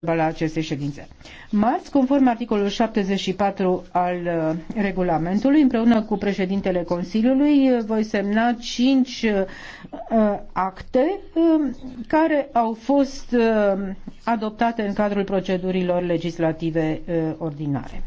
la aceste ședințe. Marți, conform articolul 74 al uh, regulamentului, împreună cu președintele Consiliului, uh, voi semna cinci uh, acte care au fost adoptate în cadrul procedurilor legislative ordinare.